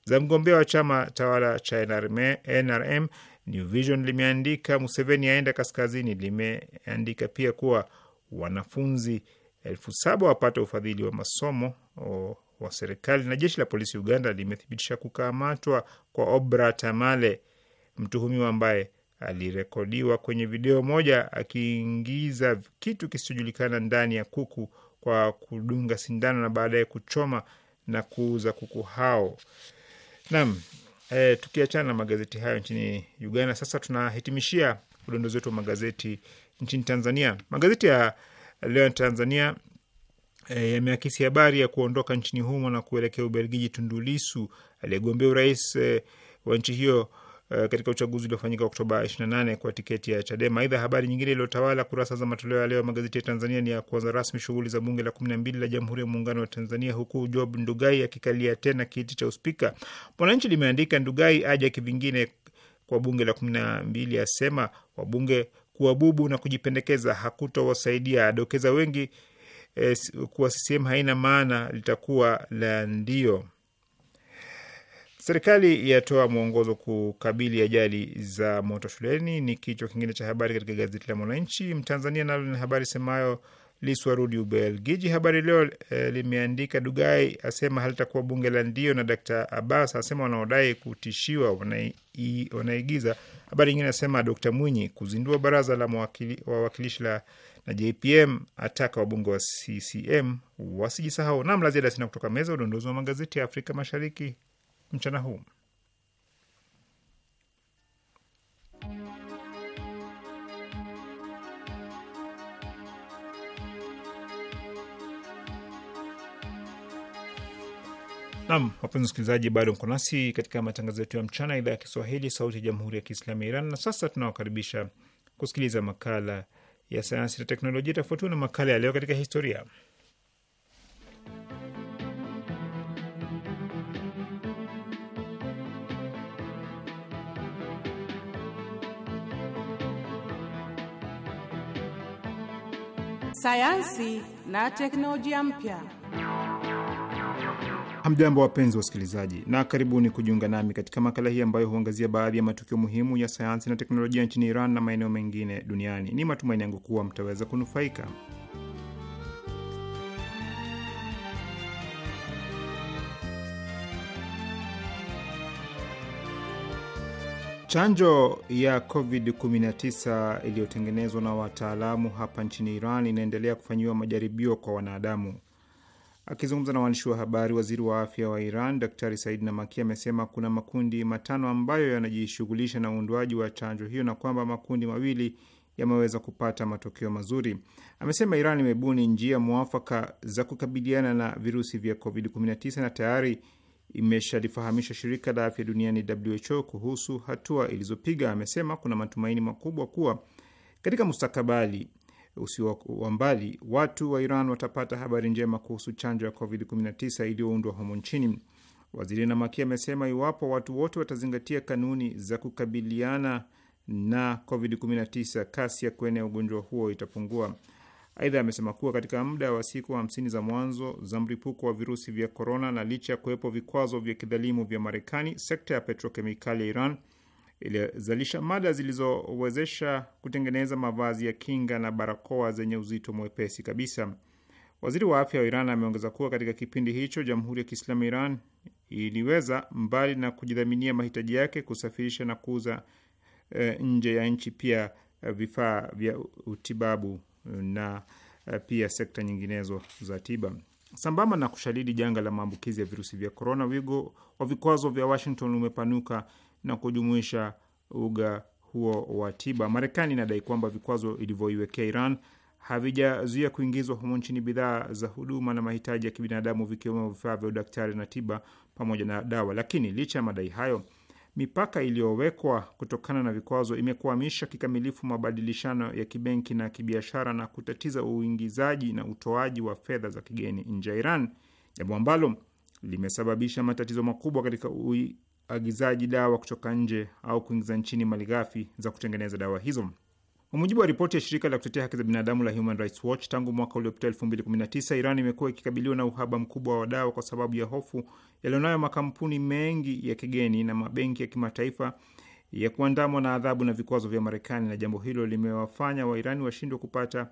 za mgombea wa chama tawala cha NRM, NRM New Vision limeandika Museveni aenda kaskazini. Limeandika pia kuwa wanafunzi elfu saba wapate ufadhili wa masomo o, wa serikali. Na jeshi la polisi Uganda limethibitisha kukamatwa kwa Obra Tamale, mtuhumiwa ambaye alirekodiwa kwenye video moja akiingiza kitu kisichojulikana ndani ya kuku kwa kudunga sindano na baadaye kuchoma na kuuza kuku hao. Naam, e, tukiachana na magazeti hayo nchini Uganda, sasa tunahitimishia udondozi wetu wa magazeti nchini Tanzania. Magazeti ya leo Tanzania e, yameakisi habari ya kuondoka nchini humo na kuelekea Ubelgiji. Tundulisu aliyegombea urais e, wa nchi hiyo e, katika uchaguzi uliofanyika Oktoba 28 kwa tiketi ya Chadema. Aidha, habari nyingine iliyotawala kurasa za matoleo ya leo magazeti ya Tanzania ni ya kuanza rasmi shughuli za bunge la 12 la Jamhuri ya Muungano wa Tanzania, huku Job Ndugai akikalia tena kiti cha uspika. Mwananchi limeandika Ndugai aja kivingine kwa bunge la 12, asema wabunge kuabubu na kujipendekeza hakutowasaidia. Adokeza wengi e, kuwa CCM haina maana, litakuwa la ndio. Serikali yatoa mwongozo kukabili ajali za moto shuleni, ni kichwa kingine cha habari katika gazeti la Mwananchi. Mtanzania nalo lina habari semayo Lissu arudi Ubelgiji. Habari Leo e, limeandika Dugai asema halitakuwa bunge la ndio, na Dkt Abbas asema wanaodai kutishiwa wanaigiza. Habari nyingine asema Dr Mwinyi kuzindua baraza la wawakilishi la na JPM ataka wabunge wa CCM wasijisahau. Namla ziada sina kutoka meza udondozi wa magazeti ya Afrika Mashariki mchana huu. Nam, wapenzi msikilizaji, bado mko nasi katika matangazo yetu ya mchana, idhaa ya Kiswahili, sauti ya jamhuri ya kiislamu ya Iran. Na sasa tunawakaribisha kusikiliza makala ya sayansi na teknolojia, tafuatiwa na makala ya leo katika historia. Sayansi na teknolojia mpya. Hamjambo, wapenzi wa usikilizaji, na karibuni kujiunga nami katika makala hii ambayo huangazia baadhi ya matukio muhimu ya sayansi na teknolojia nchini Iran na maeneo mengine duniani. Ni matumaini yangu kuwa mtaweza kunufaika. Chanjo ya COVID-19 iliyotengenezwa na wataalamu hapa nchini Iran inaendelea kufanyiwa majaribio kwa wanadamu. Akizungumza na waandishi wa habari, waziri wa afya wa Iran Daktari Said Namaki amesema kuna makundi matano ambayo yanajishughulisha na uundoaji wa chanjo hiyo na kwamba makundi mawili yameweza kupata matokeo mazuri. Amesema Iran imebuni njia mwafaka za kukabiliana na virusi vya COVID-19 na tayari imeshalifahamisha shirika la afya duniani WHO kuhusu hatua ilizopiga. Amesema kuna matumaini makubwa kuwa katika mustakabali usio wa mbali, watu wa Iran watapata habari njema kuhusu chanjo ya COVID-19 iliyoundwa humo nchini. Waziri Namaki amesema iwapo watu wote watazingatia kanuni za kukabiliana na COVID-19, kasi ya kuenea ugonjwa huo itapungua. Aidha, amesema kuwa katika muda wa siku hamsini za mwanzo za mlipuko wa virusi vya korona, na licha ya kuwepo vikwazo vya kidhalimu vya Marekani, sekta ya petrokemikali ya Iran ilizalisha mada zilizowezesha kutengeneza mavazi ya kinga na barakoa zenye uzito mwepesi kabisa. Waziri wa afya wa Iran ameongeza kuwa katika kipindi hicho Jamhuri ya Kiislamu ya Iran iliweza mbali na kujidhaminia mahitaji yake, kusafirisha na kuuza e, nje ya nchi pia e, vifaa vya utibabu na e, pia sekta nyinginezo za tiba. Sambamba na kushadidi janga la maambukizi ya virusi vya korona, wigo wa vikwazo vya Washington umepanuka na kujumuisha uga huo wa tiba. Marekani inadai kwamba vikwazo ilivyoiwekea Iran havijazuia kuingizwa humo nchini bidhaa za huduma na mahitaji ya kibinadamu vikiwemo vifaa vya udaktari na tiba pamoja na dawa. Lakini licha ya madai hayo, mipaka iliyowekwa kutokana na vikwazo imekwamisha kikamilifu mabadilishano ya kibenki na kibiashara na kutatiza uingizaji na utoaji wa fedha za kigeni nje ya Iran, jambo ambalo limesababisha matatizo makubwa katika agizaji dawa kutoka nje au kuingiza nchini malighafi za kutengeneza dawa hizo. Kwa mujibu wa ripoti ya shirika la kutetea haki za binadamu la Human Rights Watch, tangu mwaka uliopita 2019 Iran imekuwa ikikabiliwa na uhaba mkubwa wa dawa kwa sababu ya hofu yaliyonayo makampuni mengi ya kigeni na mabenki ya kimataifa ya kuandamwa na adhabu na vikwazo vya Marekani, na jambo hilo limewafanya Wairani washindwe kupata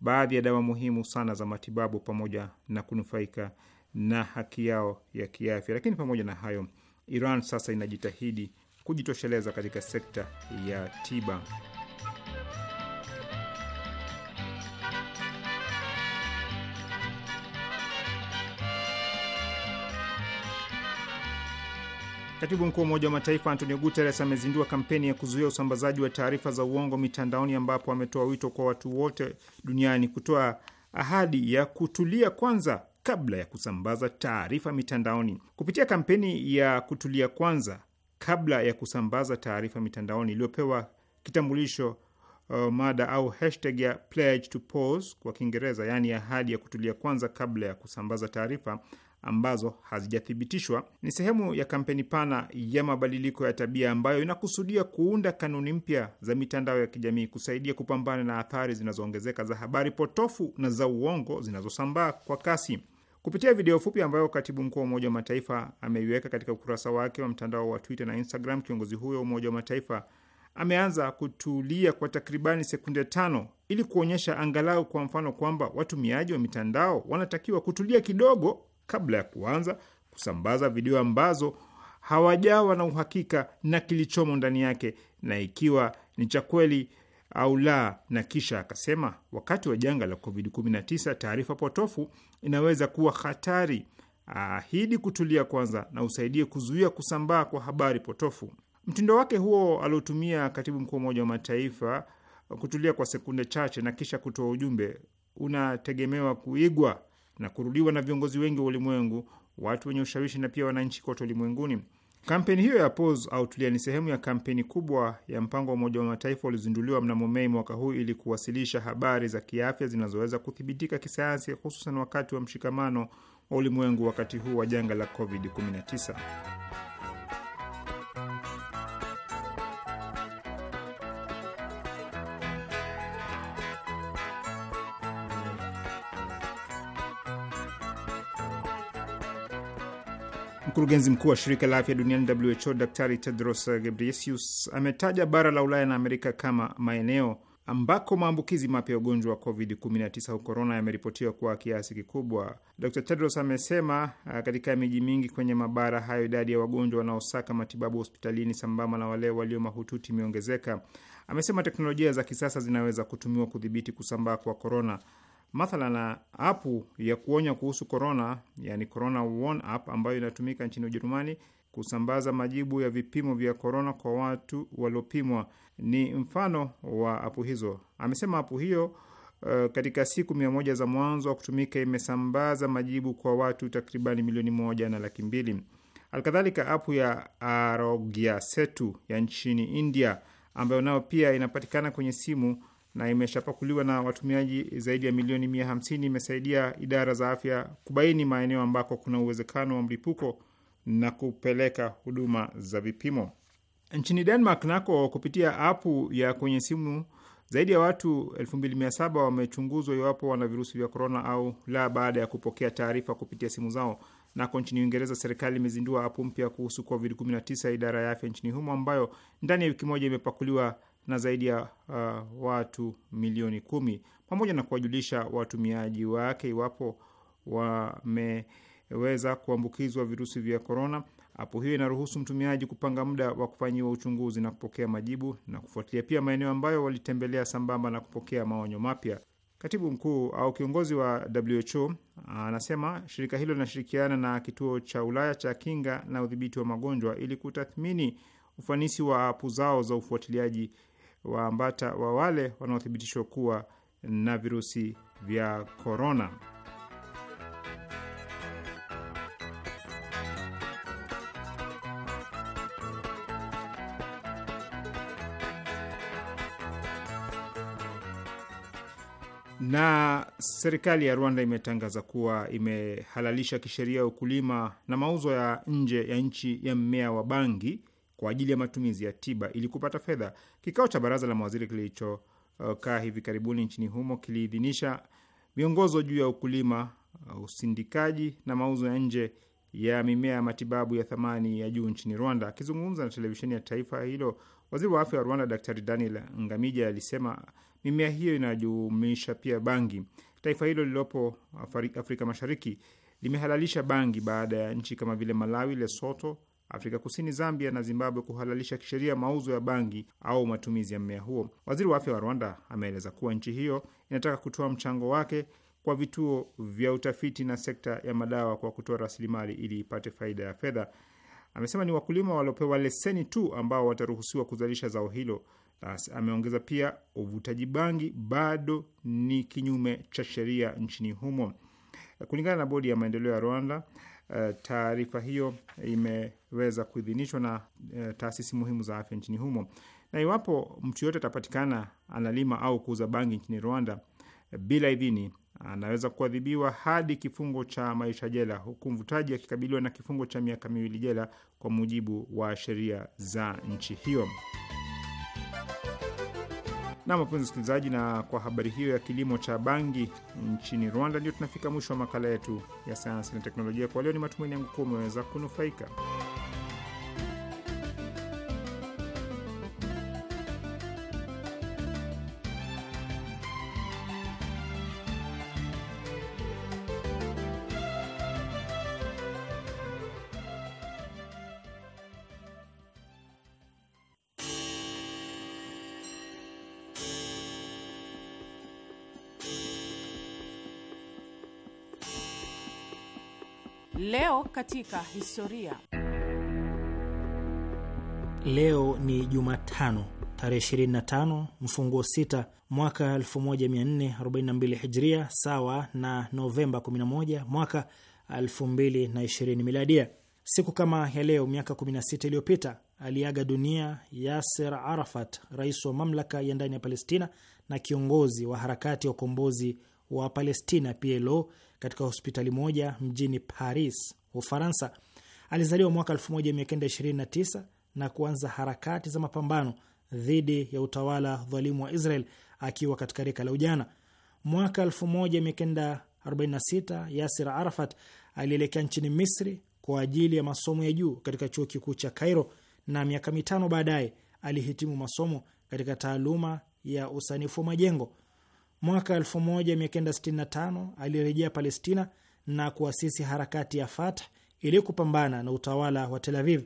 baadhi ya dawa muhimu sana za matibabu pamoja na kunufaika na haki yao ya kiafya. Lakini pamoja na hayo Iran sasa inajitahidi kujitosheleza katika sekta ya tiba. Katibu mkuu wa Umoja wa Mataifa Antonio Guterres amezindua kampeni ya kuzuia usambazaji wa taarifa za uongo mitandaoni, ambapo ametoa wito kwa watu wote duniani kutoa ahadi ya kutulia kwanza kabla ya kusambaza taarifa mitandaoni. Kupitia kampeni ya kutulia kwanza kabla ya kusambaza taarifa mitandaoni iliyopewa kitambulisho uh, mada au hashtag ya pledge to pause kwa Kiingereza, yaani ahadi ya kutulia kwanza kabla ya kusambaza taarifa ambazo hazijathibitishwa ni sehemu ya kampeni pana ya mabadiliko ya tabia ambayo inakusudia kuunda kanuni mpya za mitandao ya kijamii, kusaidia kupambana na athari zinazoongezeka za habari potofu na za uongo zinazosambaa kwa kasi. Kupitia video fupi ambayo katibu mkuu wa Umoja wa Mataifa ameiweka katika ukurasa wake wa mtandao wa Twitter na Instagram, kiongozi huyo wa Umoja wa Mataifa ameanza kutulia kwa takribani sekunde tano ili kuonyesha angalau kwa mfano kwamba watumiaji wa mitandao wanatakiwa kutulia kidogo kabla ya kuanza kusambaza video ambazo hawajawa na uhakika na kilichomo ndani yake na ikiwa ni cha kweli au la, na kisha akasema, wakati wa janga la COVID-19 taarifa potofu inaweza kuwa hatari. Ahidi kutulia kwanza na usaidie kuzuia kusambaa kwa habari potofu. Mtindo wake huo aliotumia katibu mkuu wa Umoja wa Mataifa, kutulia kwa sekunde chache na kisha kutoa ujumbe, unategemewa kuigwa na kurudiwa na viongozi wengi wa ulimwengu, watu wenye ushawishi na pia wananchi kote ulimwenguni. Kampeni hiyo ya Pause au Tulia ni sehemu ya kampeni kubwa ya mpango wa Umoja wa Mataifa uliozinduliwa mnamo Mei mwaka huu ili kuwasilisha habari za kiafya zinazoweza kuthibitika kisayansi, hususan wakati wa mshikamano wa ulimwengu wakati huu wa janga la COVID-19. Mkurugenzi mkuu wa shirika la afya duniani WHO Daktari Tedros Ghebreyesus ametaja bara la Ulaya na Amerika kama maeneo ambako maambukizi mapya ya ugonjwa wa COVID-19 au korona yameripotiwa kwa kiasi kikubwa. Dr Tedros amesema uh, katika miji mingi kwenye mabara hayo idadi ya wagonjwa wanaosaka matibabu hospitalini sambamba na wale walio mahututi imeongezeka. Amesema teknolojia za kisasa zinaweza kutumiwa kudhibiti kusambaa kwa korona na apu ya kuonya kuhusu corona, yani corona warn app, ambayo inatumika nchini Ujerumani kusambaza majibu ya vipimo vya korona kwa watu waliopimwa ni mfano wa apu hizo. Amesema apu hiyo uh, katika siku mia moja za mwanzo wa kutumika imesambaza majibu kwa watu takribani milioni moja na laki mbili. Alkadhalika, apu ya Arogya Setu ya nchini India ambayo nayo pia inapatikana kwenye simu na imeshapakuliwa na watumiaji zaidi ya milioni mia hamsini imesaidia idara za afya kubaini maeneo ambako kuna uwezekano wa mlipuko na kupeleka huduma za vipimo. Nchini Denmark nako, kupitia apu ya kwenye simu zaidi ya watu 2700 wamechunguzwa iwapo wana virusi vya korona au la, baada ya kupokea taarifa kupitia simu zao. Nako nchini Uingereza, serikali imezindua apu mpya kuhusu COVID-19 idara ya afya nchini humo, ambayo ndani ya wiki moja imepakuliwa na zaidi ya uh, watu milioni kumi pamoja na kuwajulisha watumiaji wake iwapo wameweza kuambukizwa virusi vya korona. Apu hiyo inaruhusu mtumiaji kupanga muda wa kufanyiwa uchunguzi na kupokea majibu na kufuatilia pia maeneo ambayo walitembelea sambamba na kupokea maonyo mapya. Katibu mkuu au kiongozi wa WHO anasema shirika hilo linashirikiana na kituo cha Ulaya cha kinga na udhibiti wa magonjwa ili kutathmini ufanisi wa apu zao za ufuatiliaji waambata wa wale wanaothibitishwa kuwa na virusi vya korona. Na serikali ya Rwanda imetangaza kuwa imehalalisha kisheria ya ukulima na mauzo ya nje ya nchi ya mmea wa bangi kwa ajili ya matumizi ya tiba ili kupata fedha. Kikao cha baraza la mawaziri kilichokaa uh, hivi karibuni nchini humo kiliidhinisha miongozo juu ya ukulima, uh, usindikaji na mauzo ya nje ya mimea ya matibabu ya thamani ya juu nchini Rwanda. Akizungumza na televisheni ya taifa hilo, waziri wa afya wa Rwanda Daktari Daniel Ngamija alisema mimea hiyo inajumuisha pia bangi. Taifa hilo lililopo Afrika Mashariki limehalalisha bangi baada ya nchi kama vile Malawi, Lesoto, Afrika Kusini, Zambia na Zimbabwe kuhalalisha kisheria mauzo ya bangi au matumizi ya mmea huo. Waziri wa afya wa Rwanda ameeleza kuwa nchi hiyo inataka kutoa mchango wake kwa vituo vya utafiti na sekta ya madawa kwa kutoa rasilimali ili ipate faida ya fedha. Amesema ni wakulima waliopewa leseni tu ambao wataruhusiwa kuzalisha zao hilo. Ameongeza pia uvutaji bangi bado ni kinyume cha sheria nchini humo. Kulingana na bodi ya maendeleo ya Rwanda, Eh, taarifa hiyo imeweza kuidhinishwa na eh, taasisi muhimu za afya nchini humo. Na iwapo mtu yoyote atapatikana analima au kuuza bangi nchini Rwanda eh, bila idhini, anaweza kuadhibiwa hadi kifungo cha maisha jela, huku mvutaji akikabiliwa na kifungo cha miaka miwili jela kwa mujibu wa sheria za nchi hiyo. Nam, wapenzi wasikilizaji, na kwa habari hiyo ya kilimo cha bangi nchini Rwanda, ndio tunafika mwisho wa makala yetu ya sayansi na teknolojia kwa leo. Ni matumaini yangu kuwa umeweza kunufaika. katika historia. Leo ni Jumatano tarehe 25 mfunguo 6 mwaka 1442 Hijria, sawa na Novemba 11 mwaka 2020 Miladia. Siku kama ya leo miaka 16 iliyopita aliaga dunia Yasser Arafat, rais wa mamlaka ya ndani ya Palestina na kiongozi wa harakati ya ukombozi wa Palestina PLO, katika hospitali moja mjini Paris Ufaransa. Alizaliwa mwaka 1929 na kuanza harakati za mapambano dhidi ya utawala dhalimu wa Israel akiwa katika rika la ujana. Mwaka 1946 Yasir Arafat alielekea nchini Misri kwa ajili ya masomo ya juu katika chuo kikuu cha Cairo, na miaka mitano baadaye alihitimu masomo katika taaluma ya usanifu wa majengo. Mwaka 1965 alirejea Palestina na kuasisi harakati ya Fatah ili kupambana na utawala wa Tel Aviv.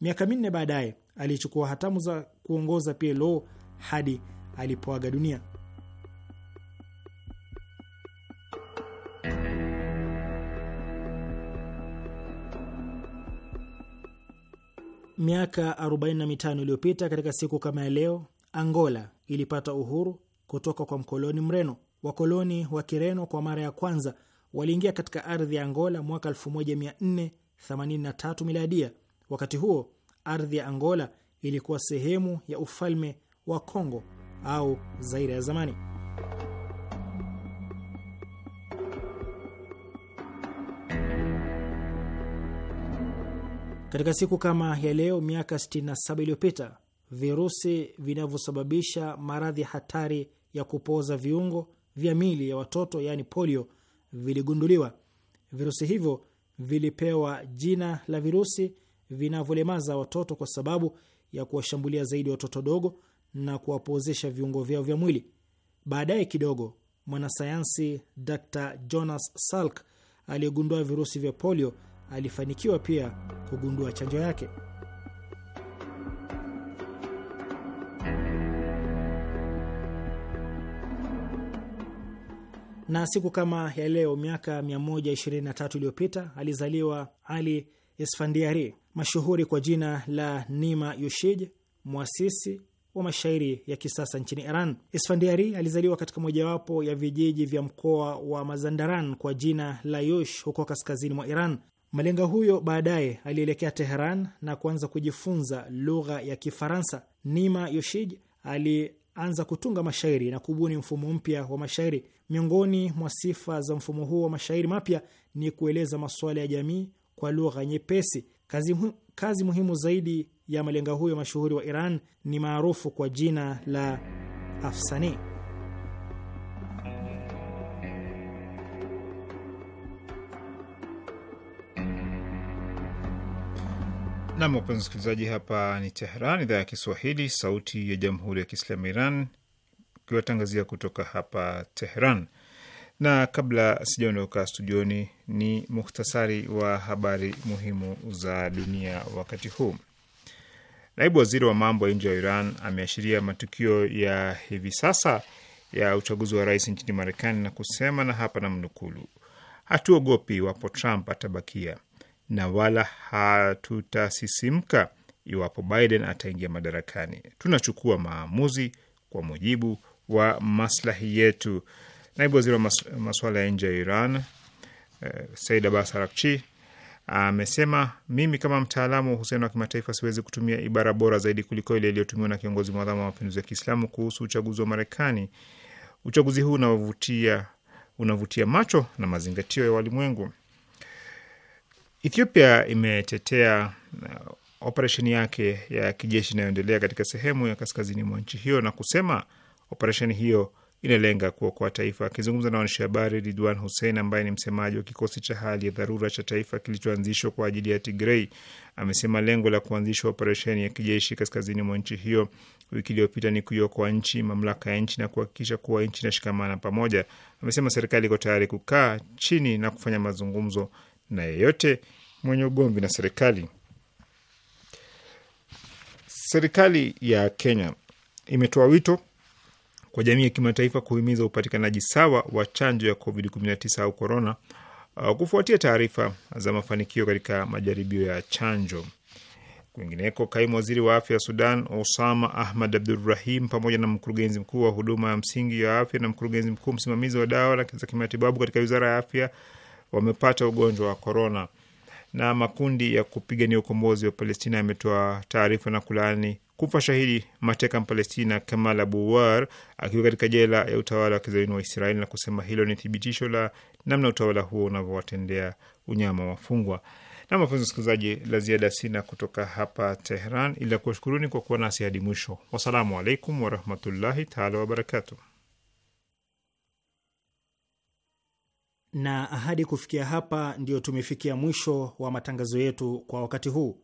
Miaka minne baadaye alichukua hatamu za kuongoza PLO hadi alipoaga dunia. Miaka 45 iliyopita katika siku kama ya leo, Angola ilipata uhuru kutoka kwa mkoloni Mreno. Wakoloni wa Kireno kwa mara ya kwanza waliingia katika ardhi ya Angola mwaka 1483 miladia. Wakati huo ardhi ya Angola ilikuwa sehemu ya ufalme wa Kongo au Zaire ya zamani. Katika siku kama ya leo miaka 67 iliyopita virusi vinavyosababisha maradhi hatari ya kupooza viungo vya mili ya watoto yaani polio viligunduliwa. Virusi hivyo vilipewa jina la virusi vinavyolemaza watoto kwa sababu ya kuwashambulia zaidi watoto dogo na kuwapozesha viungo vyao vya mwili. Baadaye kidogo, mwanasayansi Dr Jonas Salk aliyegundua virusi vya polio alifanikiwa pia kugundua chanjo yake. Na siku kama ya leo miaka 123 iliyopita alizaliwa Ali Isfandiari, mashuhuri kwa jina la Nima Yushij, mwasisi wa mashairi ya kisasa nchini Iran. esfandiari alizaliwa katika mojawapo ya vijiji vya mkoa wa Mazandaran kwa jina la Yush huko kaskazini mwa Iran. Malenga huyo baadaye alielekea Teheran na kuanza kujifunza lugha ya Kifaransa. Nima Yushij alianza kutunga mashairi na kubuni mfumo mpya wa mashairi. Miongoni mwa sifa za mfumo huu wa mashairi mapya ni kueleza masuala ya jamii kwa lugha nyepesi. Kazi, kazi muhimu zaidi ya malenga huyo mashuhuri wa Iran ni maarufu kwa jina la afsani Nam, wapenzi wasikilizaji, hapa ni Tehran, idhaa ya Kiswahili, sauti ya jamhuri ya kiislamu Iran tukiwatangazia kutoka hapa Teheran. Na kabla sijaondoka studioni, ni muhtasari wa habari muhimu za dunia wakati huu. Naibu waziri wa mambo ya nje wa Iran ameashiria matukio ya hivi sasa ya uchaguzi wa rais nchini Marekani na kusema, na hapa na mnukulu hatuogopi iwapo Trump atabakia na wala hatutasisimka iwapo Biden ataingia madarakani. Tunachukua maamuzi kwa mujibu wa maslahi yetu. Naibu waziri wa mas masuala ya nje ya Iran eh, Said Abbas Arakchi amesema mimi kama mtaalamu wa uhusiano wa kimataifa siwezi kutumia ibara bora zaidi kuliko ile iliyotumiwa na kiongozi mwadhamu wa mapinduzi ya Kiislamu kuhusu uchaguzi wa Marekani. Uchaguzi huu unavutia, unavutia macho na mazingatio ya walimwengu. Ethiopia imetetea eh, operesheni yake ya kijeshi inayoendelea katika sehemu ya kaskazini mwa nchi hiyo na kusema Operesheni hiyo inalenga kuokoa taifa. Akizungumza na waandishi habari, Ridwan Hussein ambaye ni msemaji wa kikosi cha hali ya dharura cha taifa kilichoanzishwa kwa ajili ya Tigrei amesema lengo la kuanzishwa operesheni ya kijeshi kaskazini mwa nchi hiyo wiki iliyopita ni kuiokoa nchi, mamlaka ya nchi na kuhakikisha kuwa nchi inashikamana pamoja. Amesema serikali iko tayari kukaa chini na kufanya mazungumzo na yeyote mwenye ugomvi na serikali. Serikali ya Kenya imetoa wito kwa jamii ya kimataifa kuhimiza upatikanaji sawa wa chanjo ya COVID-19 au korona uh, kufuatia taarifa za mafanikio katika majaribio ya chanjo. Kwingineko, kaimu waziri wa afya ya Sudan Osama Ahmad Abdurrahim pamoja na mkurugenzi mkuu wa huduma ya msingi ya afya na mkurugenzi mkuu msimamizi wa dawa za kimatibabu katika wizara ya afya wamepata ugonjwa wa korona. Na makundi ya kupigania ukombozi wa Palestina yametoa taarifa na kulaani kufa shahidi mateka Mpalestina Kamal Abu War akiwa katika jela ya utawala wa kizayuni wa Israeli na kusema hilo ni thibitisho la namna utawala huo unavyowatendea unyama wafungwa. Na mafunzo msikilizaji, la ziada sina kutoka hapa Tehran ila kuwashukuruni kwa kuwa nasi hadi mwisho. Wassalamu alaikum warahmatullahi taala wabarakatu Na hadi kufikia hapa, ndio tumefikia mwisho wa matangazo yetu kwa wakati huu.